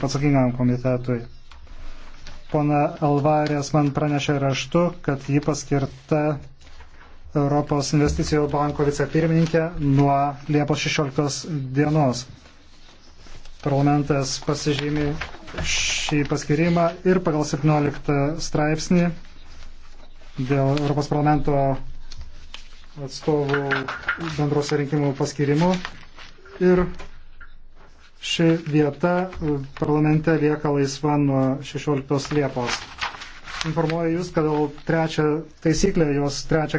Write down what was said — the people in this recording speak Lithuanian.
kaip atsakingam komitetui. Pona Alvarės man pranešė raštu, kad ji paskirta Europos investicijų banko vicepirmininkė nuo Liepos 16 dienos. Parlamentas pasižymi šį paskirimą ir pagal 17 straipsnį dėl Europos parlamento atstovų bendrose rinkimų paskirimų ir Ši vieta e, parlamente lieka laisva nuo 16 Liepos. Informuoju Jūs, kad trečią taisyklę, jos trečią